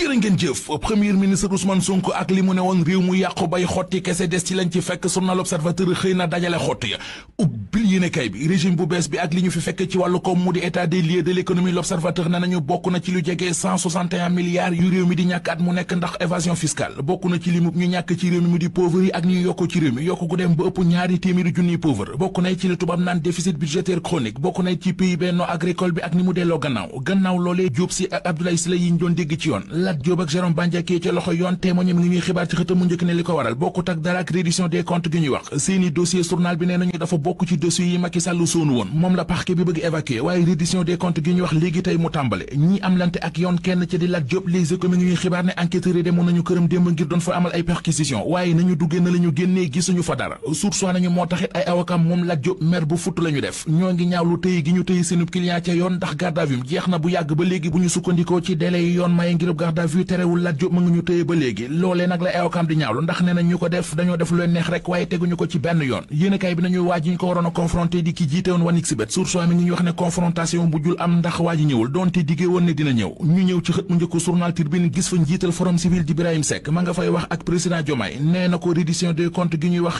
jërë ngeen jëf premier ministre Ousmane Sonko ak li mu ne woon réew mu yàqu bay xotti kese des ci lañ ci fekk journal L'Observateur xëy na dajale xott ya ubbil yéenekaay bi régime bu bees bi ak li ñu fi fekk ci wàllu koom mu di état des lieux de l'économie L'Observateur ne nañu bokk na ci lu jege 161 yu réew mi di ñàkk at mu nekk ndax évasion fiscale bokk na ci limub ñu ñàkk ci réew mi mu di pauvre yi ak ñu yokk ci réew mi yokk gu dem ba ëpp ñaari Lat Diop ak Jérôme Bandiaky ci loxo yoon témoigne mi ngi ñuy xibaar ci xëtam njëkk ne li ko waral bokkut ak dara ak reddition des comptes gi ñuy wax seeni dossier journal bi nee nañu dafa bokk ci dossier yi Macky Sall soonu woon moom la parquet bi bëgg évacuer waaye reddition des comptes gi ñuy wax léegi tey mu tàmbale ñi am ak yoon kenn ci di Lat Diop Les Échos mi ngi ñuy xibaar ne enquêteurs demoon nañu këram démb ngir doon fa amal ay perquisition à vue terewul Lat Diop ma nga ñu tëye ba léegi loolee nag la awkam di ñaawlu ndax nee na ñu ko def dañoo def leen neex rek waaye teguñu ko ci benn yoon yéenekaay bi nañu waa ji ñu ko waroon a confronté di ki jiitewoon wa nig si bét source mi ngi ñu wax ne confrontation bu jul am ndax waa ji ñëwul doonte diggée woon ne dina ñëw ñu ñëw ci xët mu njëkk journal Tribune gis fa njiital forum civil di Ibrahim Seck ma nga fay wax ak président Diomaye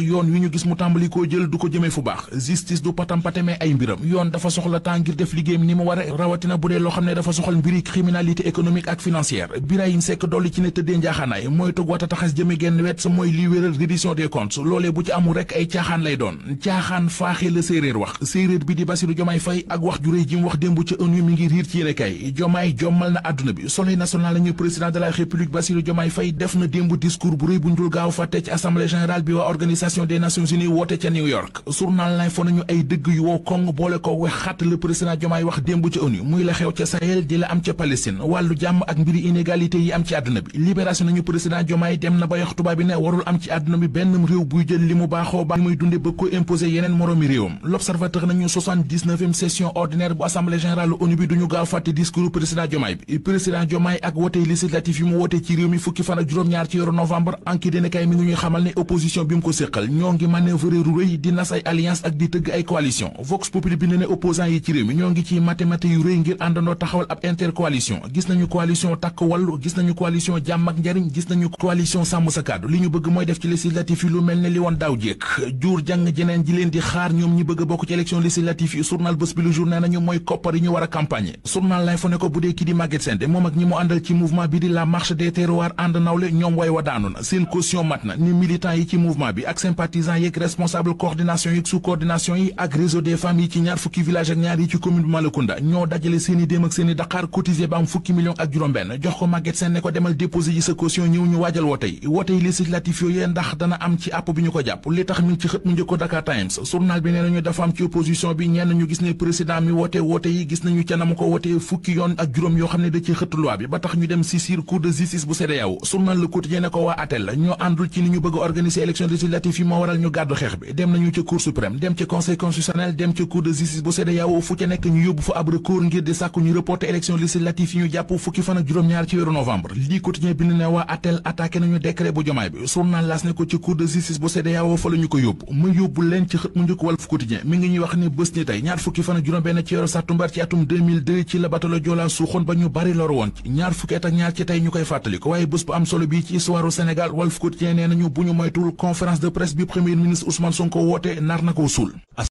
yoon wi ñu gis mu tàmbali koo jël du ko jëmee fu baax justice du patampate mais ay mbiram yoon dafa soxla temps ngir def liggéeyam ni mu ware rawatina bu dee loo ne dafa soxal mbiri criminalité économique ak financière Birahim Seck dolli ci ne tëddee njaaxaanaay mooy tug wat a taxas jëme genn wet sa mooy lii wéral reddition des comptes bu ci amul rek ay caaxaan lay doon caaxaan faaxe la séeréer wax séeréer bi di Bassirou Diomaye Faye ak wax ju réy ji mu wax démb ca ONU mi ngi riir ci yéene kay jommal na àdduna bi Soleil national la ñu président de la République Bassirou Diomaye Faye def na démb discours bu réy bu ñu dul ci assemblée générale bi waa organisation ko wex xatt le président Diomaye wax démb ca ONU inégalité nañu président Diomaye dem na ba yox tubaab bi ne warul am ci àdduna bi benn réew buy jël li mu baaxoo ba muy dunde bëgg ko imposer yeneen moroomi réewam l'observateur nañu 79e session ordinaire bu assemblée générale ONU bi duñu gaaw fàtte discours président bi président Diomaye ak wote législatif yi mu wote ci réew mi fukki fan ak juróom-ñaar ci yoru novembre enquête dina mi ngi ñuy xamal ne opposition bi wàllu gis nañu coalition jàmm ak njariñ gis nañu coalition sàmm sa kàddu li ñu bëgg mooy def ci législatif yi lu mel ne li woon daaw jéeg jur jàng jeneen ji leen di xaar ñoom ñi bëgg bokk ci élection législative yi journal bés bi lu jour nee nañu mooy koppar yi ñu war a campagne lay fa ne ko bu dee kii di Maguette moom ak ñi mu àndal ci mouvement bi di la marche des terroirs ànd nawle ñoom way wa daanu na seen caution mat na ni militants Maguette Sène ne ko demal déposer ji sa caution ñëw ñu waajal woote yi woote yi législatif yooyee ndax dana am ci àpp bi ñu ko jàpp li tax mi ngi ci xët mu njëkk Dakar Times journal bi nee nañu dafa am ci opposition bi ñenn ñu gis ne président mi woote woote yi gis nañu ca na mu ko woote fukki yoon ak juróom yoo xam ne da ci xëtt loi bi ba tax ñu dem saisir cour de justice bu CEDEAO journal Le Quotidien ne ko waa ATEL ñoo àndul ci ni ñu bëgg a organiser élection législative yi moo waral weeru novembre lii quotidien bi ne waa atel attaqué nañu décret bu jomaay bi journal las ne ko ci cour de justice bu CEDEAO fa la ko yóbbu mu yóbbu leen ci xët mu njëkk Walf Quotidien mi ngi ñuy wax ne bés ni tey ñaar fukki fan juróom-benn ci weeru sàttumbar ci atum ci la batalo Joola suuxoon ba ñu bari lor woon ci ñaar fukki at ak ñaar ci tey ñu koy fàttali waaye bés bu am solo bi ci histoire u Sénégal Walf nee nañu bu ñu moytuwul